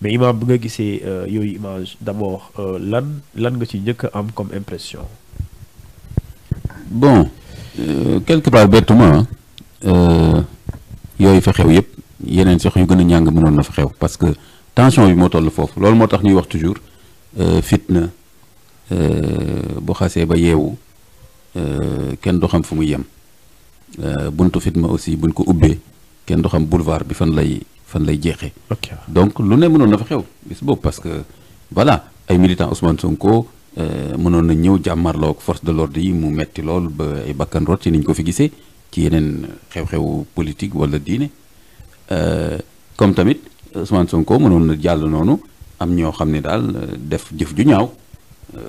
mais imam bi nga gisee euh, yooyu image d'abord euh, lan lan nga ci njëkk a am comme impression bon euh, quelque part bêtement yooyu fa xew yëpp yeneen sax yu gën a ñàng mënoon na fa xew parce que tension bi moo toll foofu loolu moo tax ñuy wax toujours fitna bu xasee ba yeewu kenn du xam fu muy yem buntu fitna aussi buñ ko ubbee kenn du xam boulevard bi fan lay fan lay jeexee. donc lu ne mënoon na fa xew bis boobu parce que voilà ay militants Ousmane Sonko euh, mënoon na ñëw jàmmarloo ak force de l'ordre yi mu metti lool ba ay bakkan rot ci niñ ko fi gisee ci yeneen xew xew politique wala diine euh, comme tamit Ousmane Sonko mënoon na jàll noonu am ñoo xam ne daal euh, def jëf ju ñaaw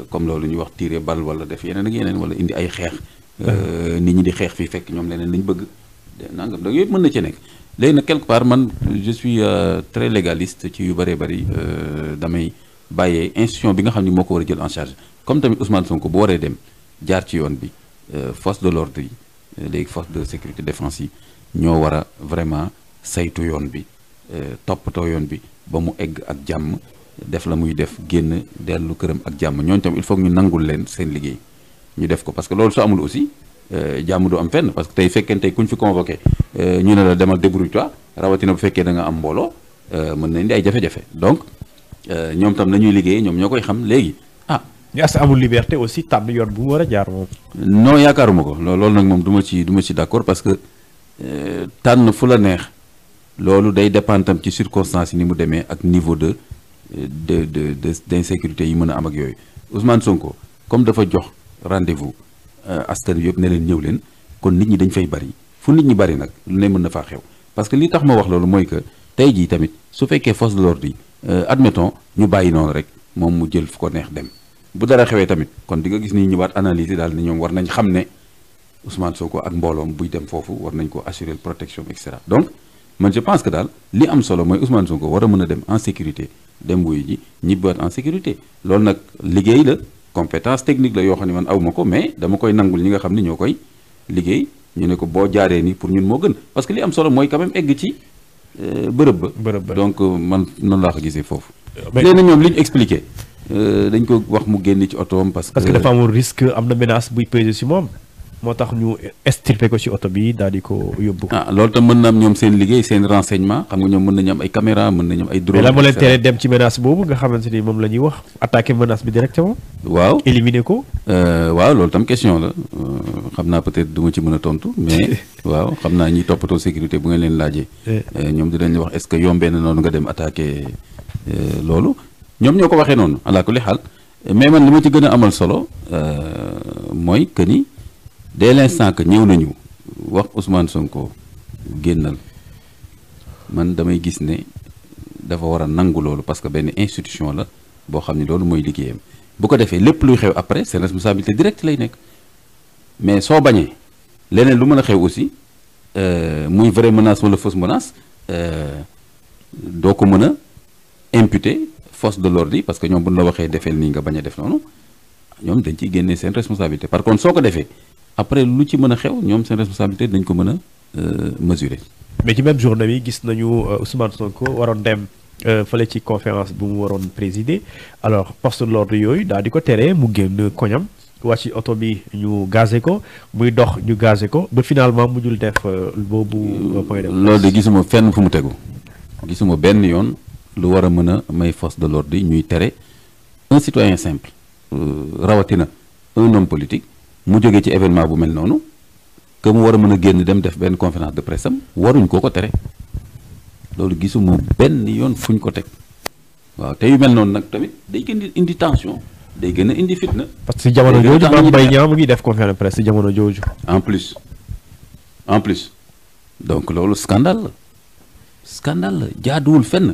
comme loolu ñuy wax tirer bal wala def yeneen ak yeneen wala indi ay xeex. Mmh. nit ñi di xeex fii fekk ñoom leneen lañ bëgg. nangam donc yëpp mën na ci nekk léegi nag quelque part man je suis euh, très légaliste ci yu bëree bëri euh, damay bàyyee institution bi nga xam ni moo ko war a jël en charge comme tamit Ousmane Sonko bu waree dem jaar ci yoon bi euh, force de l'ordre yi léegi force de sécurité défense yi ñoo war a vraiment saytu yoon bi toppatoo yoon bi ba mu egg ak jàmm def la muy def génn dellu këram ak jàmm ñooñu tamit il faut ñu nangul leen seen liggéey ñu def ko parce que loolu su amul aussi Euh, jàmm du am fenn parce que tey fekkente kuñ fi convoqué euh, ñu ne la demal débrouille toi rawatina bu fekkee da nga am mbooloo euh, mën na indi ay jafe-jafe donc ñoom tam nañuy liggéey ñoom ñoo koy xam léegi ah. ñu as amul liberté aussi tànn yoon bu mu war a jaar moom. non yaakaaruma ko loolu nag moom duma ma ci du ma ci d'accord parce que tànn fu la neex loolu day dépendre tam ci circonstances yi ni mu demee ak niveau de de de d'insécurité yi mën a am ak yooyu Ousmane Sonko comme dafa jox rendez-vous. Euh, askan yëpp ne leen ñëw leen kon nit ñi dañ fay bari fu nit ñi bari nag lu ne mën na faa xew parce que li tax ma wax loolu mooy que tey jii tamit su fekkee force de l'ordre yi euh, admettons ñu bàyyi noonu rek moom mu jël fu ko neex dem bu dara xewee tamit kon di nga gis ni ñëwaat analyse daal ni ñoom war nañ xam ne Ousmane Sonko ak mbooloom buy dem foofu war nañ ko assurer protection et cetera donc man je pense que daal li am solo mooy Ousmane Sonko war a mën a dem en sécurité dem wuyu ji ñibbiwaat en sécurité loolu nag liggéey la. compétence technique la yoo xam ne man aw ma ko mais dama koy nangul ñi nga xam ne ñoo koy liggéey ñu ne ko boo jaaree nii pour ñun moo gën parce que li am solo mooy quand même egg ci euh, bërëb ba donc euh, man noonu laa ko gisee foofu léegi na ñoom li ñu expliqué euh, dañ ko wax mu génn ci otoom parce que parce que dafa amul risque am na menace buy peser si moom moo tax ñu extirpé ko ci oto bi daal di ko yóbbu. Ah, loolu tam mën na am ñoom seen liggéey seen renseignement xam nga ñoom mën nañu am ay caméra mën nañu am ay drone. mais la ma leen tere dem ci menace boobu nga xamante ni moom la ñuy wax attaquer menace bi directement. waaw éliminer ko. Euh, waaw loolu tam question la euh, xam naa peut-être du ma ci mën a tontu mais waaw xam naa ñiy toppatoo sécurité bu ngeen leen laajee. Eh. Euh, ñoom dinañ wax est-ce que yombee na noonu nga dem attaquer loolu ñoom ñoo ko waxee noonu alaakulli xaal mais man li ma ci gën a amal solo mooy que ni. dès l'instant que ñëw nañu wax Ousmane Sonko génnal man damay gis ne dafa war a nangu loolu parce que benn institution la boo xam ne loolu mooy liggéeyam bu ko defee lépp luy xew après seen responsabilité directe lay nekk mais soo bañee leneen lu mën a xew aussi euh, muy vraie menace wala fausse menace euh, doo ko mën a imputer force de l'ordre yi parce que ñoom bu ñu la waxee defeel nii nga bañ a def noonu ñoom dañ ci génnee seen responsabilité par contre soo ko defee après lu ci mën a xew ñoom seen responsabilité dañ ko mën a euh, mesurer. mais ci même journée bi gis nañu euh, Ousmane Sonko waroon dem euh, fële ci conférence bu mu waroon présider alors poste de l'ordre yooyu daal di ko tere mu génn koñam wàcc ci oto bi ñu gazé ko muy dox ñu gazé ko ba finalement mujjul def boobu point de loolu de gisuma fenn fu mu tegu gisuma benn yoon lu war a mën a may force de l'ordre yi ñuy tere un citoyen simple rawatina un homme politique mu jóge ci événement bu mel noonu que mu war a mën a génn dem def benn conférence de presse am waruñ koo ko tere loolu gisum benn yoon fuñ ko teg waaw te yu mel noonu nag tamit day gën di indi tension day gën a indi fitna. parce que si jamono jooju Mame Mbaye Niang mu ngi def conférence de presse si jamono jooju. en plus en plus donc loolu scandale la scandale jaaduwul fenn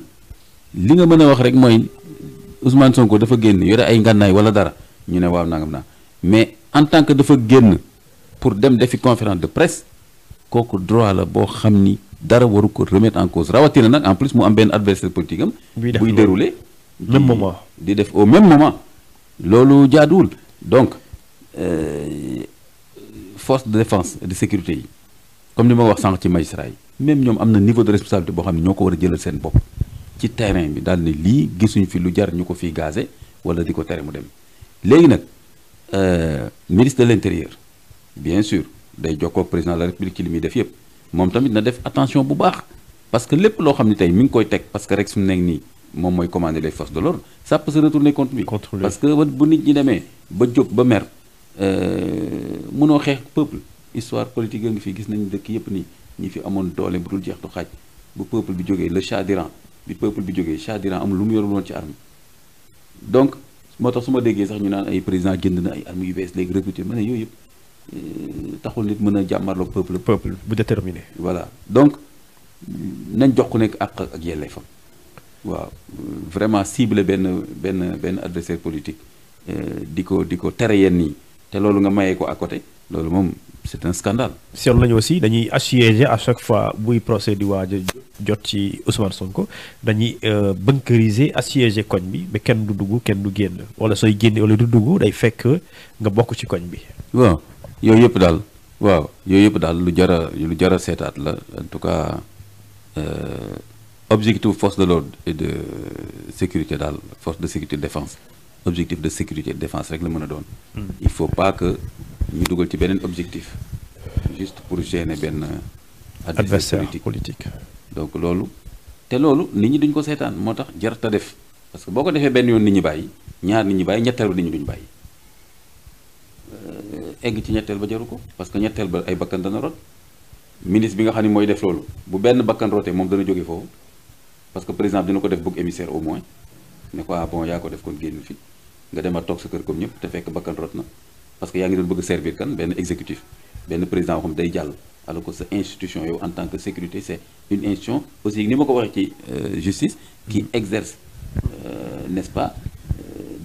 li nga mën a wax rek mooy Ousmane Sonko dafa génn yore ay ngànnaay wala dara ñu ne waaw nangam naa mais. en tant que dafa génn pour dem defi conférence de presse kooku droit la boo xam ni dara waru ko remettre en cause rawatina nag en plus mu am benn adversaire politique am. buy dérouler même moment di def au même moment. loolu jaaduwul donc euh, force de défense et de sécurité yi comme li ma wax sànq ci magistrat yi même ñoom am na niveau de responsabilité boo xam ne ñoo ko war a jëlal seen bopp ci terrain bi daal ne lii gisuñu fi lu jar ñu ko fiy gazé wala di ko tere mu dem léegi Euh, ministre de l' intérieur bien sur day jox jokkoo président de la république ci li muy def yëpp moom tamit na def attention bu baax parce que lépp loo xam ne tey mi ngi koy teg parce que rek su nekk nii moom mooy commander les forces de l'ordre ça peut se retourner contre lui parce que bu nit ñi demee ba jóg ba mer euh, mënoo xeex peuple histoire politique ngi fi gis nañu dëkk yëpp nii ñi fi amoon doole bu dul jeex du xaaj bu peuple bi jógee le Shah d'Iran bi peuple bi jógee Shah lu mu yorul woon ci armée moo tax su ma déggee sax ñu naan ay président jënd na ay armes yu bees léegi recruté ma ne yooyu yëpp euh, taxul nit mën a jàmmarloo peuple. peuple bu déterminé. voilà donc nañ jox ku nekk ak ak yelleefam waaw vraiment cible benn benn benn adversaire politique euh, di ko di ko tere yenn yi te loolu nga mayee ko à côté loolu moom c'est un scandale. seetlu nañu aussi dañuy assiégé à chaque fois buy procès di waaj jot ci son ko dañuy euh, bunkeriser assiéger koñ bi ba kenn du dugg kenn du génn wala sooy génn wala du dugg day fekk nga bokk ci koñ bi. waaw yooyu yëpp daal waaw yooyu yëpp daal lu jara a lu jar a seetaat la en tout cas euh, objectif force de l'ordre et de sécurité daal force de sécurité défense objectif de sécurité défense rek la mën a doon. Hmm. il faut pas que ñu dugal ci beneen objectif. juste pour gêner benn adversaire politique donc loolu te loolu nit ñi duñ ko seetaan moo tax jarta def parce que boo ko defee benn yoon nit ñi bàyyi ñaar nit ñi bàyyi ñetteel ba nit ñi duñ bàyyi euh, egg ci ñetteel ba jaru ko parce que ñetteel ba ay bakkan dana rot ministre bi nga xam ne mooy def loolu bu benn bakkan rotee moom dana jóge foofu parce que président dina ko def bug émissaire au moins ne ko ah bon yaa ko def kon génn fi nga demaat toog sa kër comme ñëpp te fekk bakkan rot na parce que yaa ngi doon bëgg servir kan benn exécutif benn président waxam day jàll alors que sa institution yow en tant que sécurité c' une institution aussi ni ma ko waxee ci euh, justice qui mm-hmm. exerce euh, n' est ce pas euh,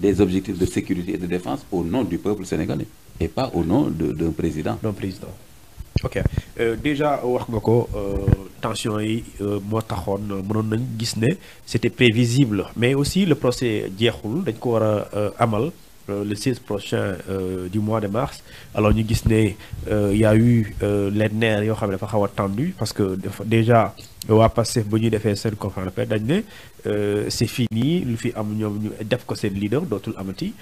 des objectifs de sécurité et de défense au nom du peuple sénégalais et pas au nom de d'un président d'un président ok déjà wax nga ko tension yi moo taxoon mënoon nañ gis ne c' était prévisible mais aussi le procès jeexul dañ ko war a amal Euh, le 16 prochain euh, du mois de mars alors ñu gis ne euh, y a eu les yoo xam ne dafa xaw a tendu parce que déjà waa Pastef bu ñuy defee seen conférence de presse dañ ne c'est fini lu fi am ñoom ñu def ko seen leader dootul amati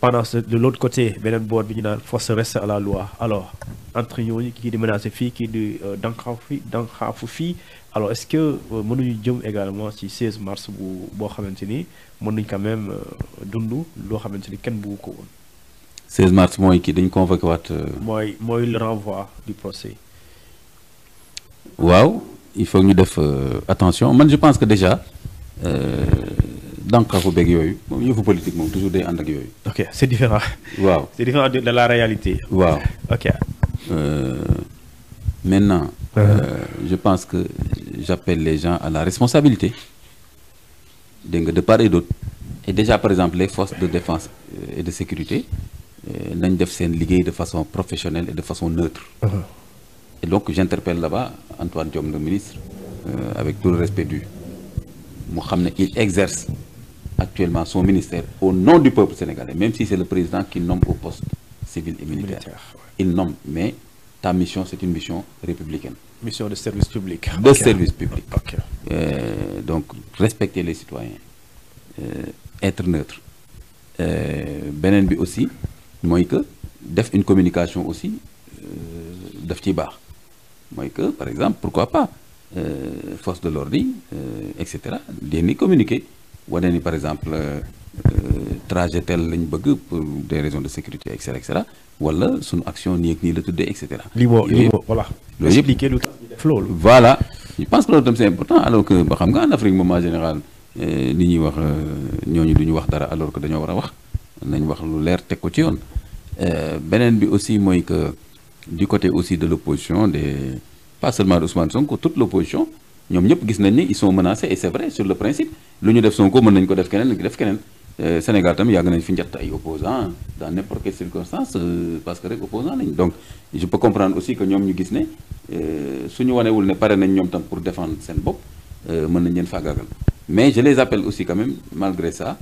pendant ce de l'autre côté beneen boor bi ñu naan force reste à la loi alors entre ñooñu kii di menacer fii kii di danxaafu fii danxaafu fii alors est-ce que mënuñu jëm également ci mars bu boo xamante ni mën nañ quand même euh, dund loo xamante ni kenn bëggu ko woon. 16 mooy kii dañ convoqué waat. Euh, mooy mooy le renvoi du procès. waaw il faut ñu def euh, attention man je pense que déjà dànqaafu beeg yooyu moom yëfu politique moom toujours day ànd ak yooyu. ok c'est différent. waaw c'est de la réalité. waaw ok. maintenant. je pense que j'appelle les gens à la responsabilité. dégg nga de part et d'autre et déjà par exemple les forces de défense euh, et de sécurité euh, nañ def seen liggéey de façon professionnelle et de façon neutre uh-huh. et donc j'interpelle là-bas Antoine Diome le ministre euh, avec tout le respect dû mu xam ne il exerce actuellement son ministère au nom du peuple sénégalais même si c'est le président qui nomme au poste civil et militaire il nomme mais ta mission c'est une mission républicaine. Mission de service public. De okay. service public. Okay. Euh, donc respecter les citoyens euh, être neutre euh, beneen bi aussi mooy que def une communication aussi euh, daf ci baax mooy que par exemple pourquoi pas euh, force de l'ordre yi et cetera dinañ communiquer wane ni par exemple. Euh, trajet tel lañ bëgg pour des raisons de sécurité et cetera et cetera wala suñu action nii ak nii la tuddee et cetera. lii woo lii woo voilà. loolu yëpp expliqué lu tax ñu def loolu. voilà tam c'est important alors que ba xam nga en Afrique moom en général li euh, ñuy wax euh, ñooñu du ñu wax dara alors que dañoo war a wax nañ wax lu leer teg ko ci yoon. beneen bi aussi mooy que du côté aussi de l'opposition des pas seulement de Ousmane Sonko toute l'opposition ñoom ñëpp gis nañ ni ils sont menacés et c'est ñu def Sonko mën nañ ko def keneen lu ñu def keneen. Sénégal tamit yàgg nañ fi njatt ay opposants dans n'importe quelle circonstance euh, parce que rek opposant lañ donc je peux comprendre aussi que ñoom ñu gis ne euh, ñu wanewul ne pare nañ ñoom tam pour défendre seen bopp euh, mën nañ leen faagaagal mais je les appelle aussi quand même malgré ça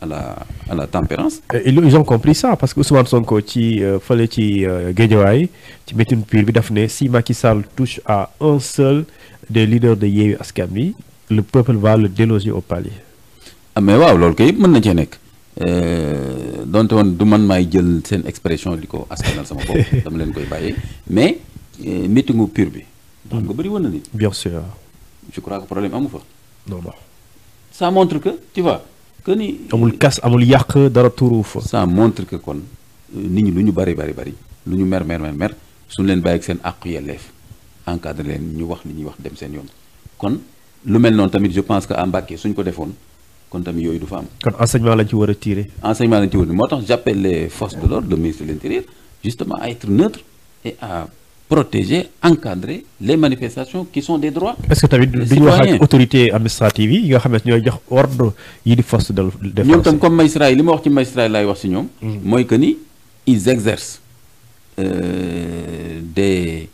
à la à la tempérance. ils ont compris parce que Ousmane Sonko ci fële ci Guédiawaye ci meeting pur bi daf ne si Macky Sall touche à un seul des leaders de Yewwi Askan Wi le peuple va le déloger au palais. Ah, mais waaw loolu kay mën na cee nekk euh, donte woon du man maay jël seen expression di ko askanal sama bopp dama leen koy bàyyee mais euh, meetingu pur bi. xam nga bëri woon na nit. bien je crois que problème amu fa. non non. montre que tu vois ni. amul kas amul yàq dara tuuru fa. ça montre que kon euh, nit ñi lu ñu bari bari bari lu ñu mer mer mer su suñu leen bàyyi ak seen àq yelleef encadré leen ñu wax li ñuy wax dem seen yoon kon lu mel noonu tamit je pense que à Mbacké suñ ko defoon. kon tamit yooyu du fa am. kon enseignement lañ ci war a tirer. enseignement lañ ci war a moo tax j'appelle les forces de l'ordre le ministre de l'intérieur justement à être neutre et à protéger encadrer les manifestations qui sont des droits. est-ce que tamit duñu wax ak autorités administratives yi nga xam ne ñooy jox ordre yi di force de défense. ñoom tam comme magistrat yi li ma wax ci magistrat yi laay wax si ñoom. Hmm. mooy que ni ils exercent euh, des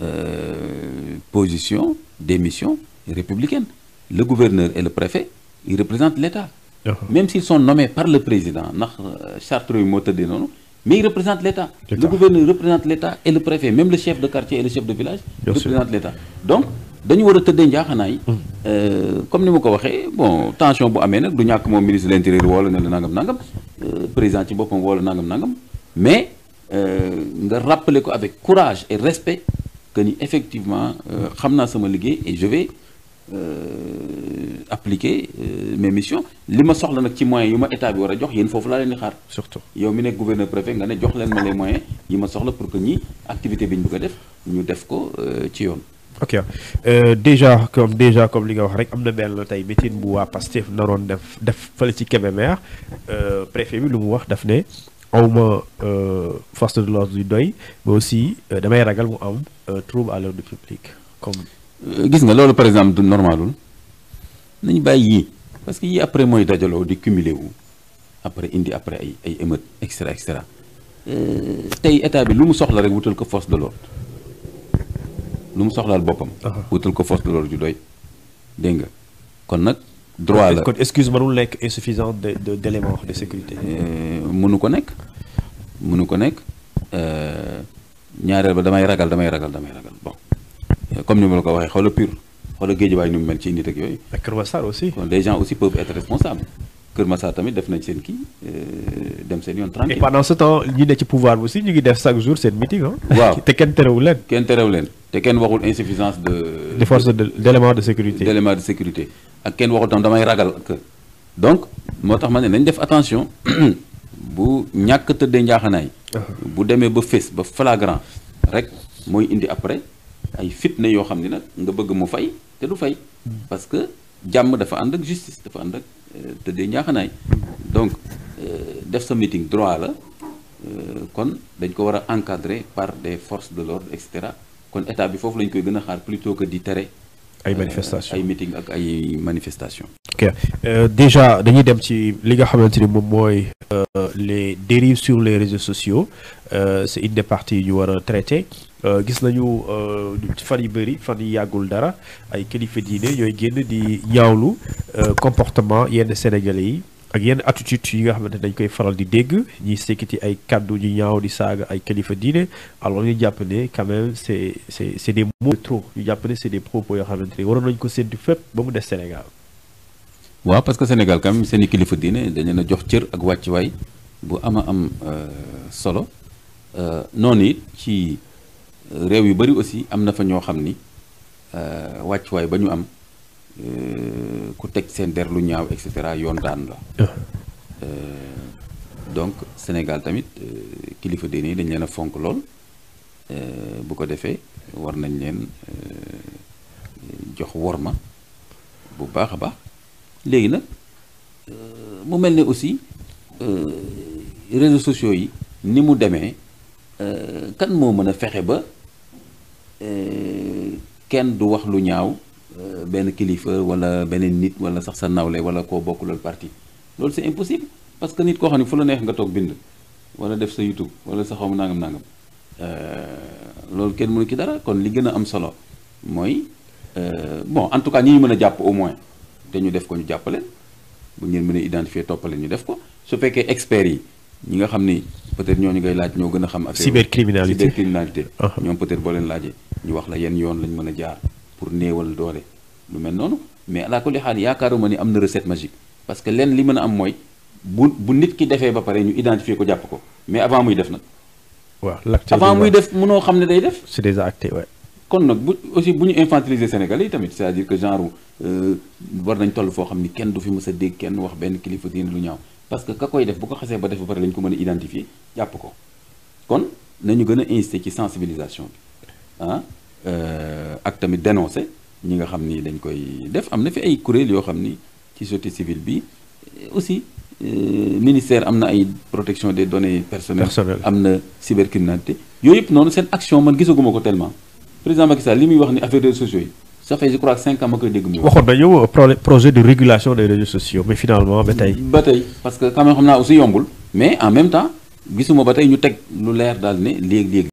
euh, positions des missions républicaines le gouverneur et le préfet. ils représentent l'État. Même s'ils sont nommés par le président, euh, mais ils représentent l'État. Le gouverneur représente l'État et le préfet, même le chef de quartier et le chef de village représentent l'État. Donc, dañu war a tëddee njaaxanaay hmm. euh, comme ni ma ko waxee bon tension bu amee nag du ñàkk moom ministre de l'intérieur wala ne la nangam nangam euh, président ci boppam wala nangam nangam mais nga rappeler ko avec courage et respect que ni effectivement xam naa sama liggéey et je appliquer euh, mes missions li ma soxla nag ci moyens yu ma état bi war a jox yéen foofu laa leen di xaar. surtout yow mi nekk gouverneur préfet nga ne jox leen ma les moyens yi ma soxla pour que ñi activité bi ñu bëgg def ñu def ko euh, ci yoon. ok euh, déjà comme déjà comme li nga wax rek am na benn tey meeting bu waa Pastef naroon def def fële ci Kébémer préfet bi lu mu wax daf ne awma force de l'ordre yu doy mais aussi damay ragal mu am trouble à l'ordre public comme. gis nga loolu par exemple du normalul nañ bàyyi yii parce que yii après mooy dajaloo di cumuler wu après indi après ay ay émeute et cetera euh, tey état bi lu mu soxla rek wutal ko force de l'ordre lu mu soxlaal boppam. Ah. wutal ko force de l'ordre ju doy dégg nga kon nag. droit la kon excuse mënul lekk insuffisant de de d'éléments de sécurité. Euh, mënu ko nekk mënu ko nekk euh, ñaareel ba damay ragal damay ragal damay ragal bon comme ni ma la ko waxee xoola pur wala Guédiawaye ni mu mel ci nit ak yooyu. ak Kër Massar aussi. kon les aussi peuvent être responsables Kër Massar tamit def nañ seen kii euh, dem seen yoon. tranquille et pendant ce temps ñi ne ci pouvoir bi aussi ñu ngi def chaque jour seen meeting ah. waaw te kenn terewul leen. kenn terewul leen te kenn waxul insuffisance de. de force de d' élément de sécurité. d' élément ak kenn waxul tam damay ragal ak. donc moo tax ma ne nañ def attention bu ñàkk tëddee njaaxanaay. Uh-huh. bu demee ba fés ba flagrant rek mooy indi après ay fitna yoo xam ne nag nga bëgg mu fay. te du fay parce que jàmm dafa ànd ak justice dafa ànd ak euh, tëddee ñaaxanaay donc euh, def sa meeting droit la euh, kon dañ ko war a encadrer par des force de l'ordre et cetera kon état bi foofu lañ koy gën a xaar plutôt que di tere ay manifestation ay meeting ak ay manifestation ok euh, déjà dañuy dem ci li nga xamante ni moom mooy euh, les dérives sur les réseaux sociaux euh, c'est une yu ñu war a traiter euh, gis nañu fan yu bëri fan yu yàggul dara ay kilifa diine ñooy génn di ñaawlu comportement yenn sénégalais yi ak yenn attitude yi nga xamante dañ koy faral di dégg ñi sekkiti ay kàddu ñu ñaaw di saaga ay kilifa diine alors ñu jàpp ne quand même c'est c'est c'est des ñu jàpp ne c'est des propos yoo xamante ni waroon nañ ko séntu fépp ba mu des Sénégal waaw parce que Sénégal quand seeni seen i kilifa leen a jox cër ak wàccuwaay bu ama am euh, solo euh, noonu it ci réew yu bari aussi am na fa ñoo xam ni euh, wàccuwaay ba ñu am ku teg seen der lu ñaaw et cetera yoon daan la. donc Sénégal tamit kilifa diine yi dañ leen a fonk lool bu ko defee war nañ leen jox worma bu baax a baax. léegi nag euh, mu mel ne aussi euh, réseaux sociaux yi ni mu demee euh, kan moo mën a fexe ba kenn du wax lu ñaaw benn kilifa wala beneen nit wala sax sa nawle wala koo bokk loolu parti loolu c'est impossible parce que nit koo xam ne fu la neex nga toog bind wala def sa YouTube wala sa mu nangam nangam loolu kenn mënu ki dara kon li gën a am solo mooy bon en tout cas ñi ñu mën a jàpp au moins te ñu def ko ñu jàppaleen bu ngeen mën a identifier toppaleen ñu def ko su fekkee experts yi ñi nga xam ni peut-être ñooñu ngay laaj ñoo gën a xam affaire cybercriminalité cybercriminalité ah. ñoom peut-être boo leen laajee ñu wax la yenn yoon lañ mën a jaar pour néewal doole lu mel noonu mais alaa kulli xaal yaakaaruma ni am na recette magique parce que lenn li mën a am mooy bu bu nit ki defee ba pare ñu identifier ko jàpp ko mais avant muy def nag waaw avant muy def mënoo xam ne day def c'est des actes ouais kon nag bu aussi bu ñu infantiliser Sénégalais tamit c'est-à-dire que genre euh, war nañ toll foo xam ni kenn du fi mës a dégg kenn wax benn kilifa diine lu ñaaw parce que ka koy def bu ko xasee ba def ba pare lañ ko mën a jàpp ko kon nañu gën a insister ci sensibilisation bi ah euh, ak tamit dénoncer ñi nga xam ni dañ koy def am na fi ay kuréel yoo xam ni ci société civile bi aussi euh, ministère am na ay protection des données personnelles am na cybercriminalité yooyu yëpp noonu action man gisaguma ko président Macky Sall li muy wax ni affaire réseaux sociaux yi ça fait je crois cinq ans ma koy dégg mu waxoon dañu projet de régulation des réseaux sociaux mais finalement ba tey ba tey parce que quand même xam naa aussi yombul mais en même temps gisuma ba tey ñu teg lu leer daal ne léegi-léegi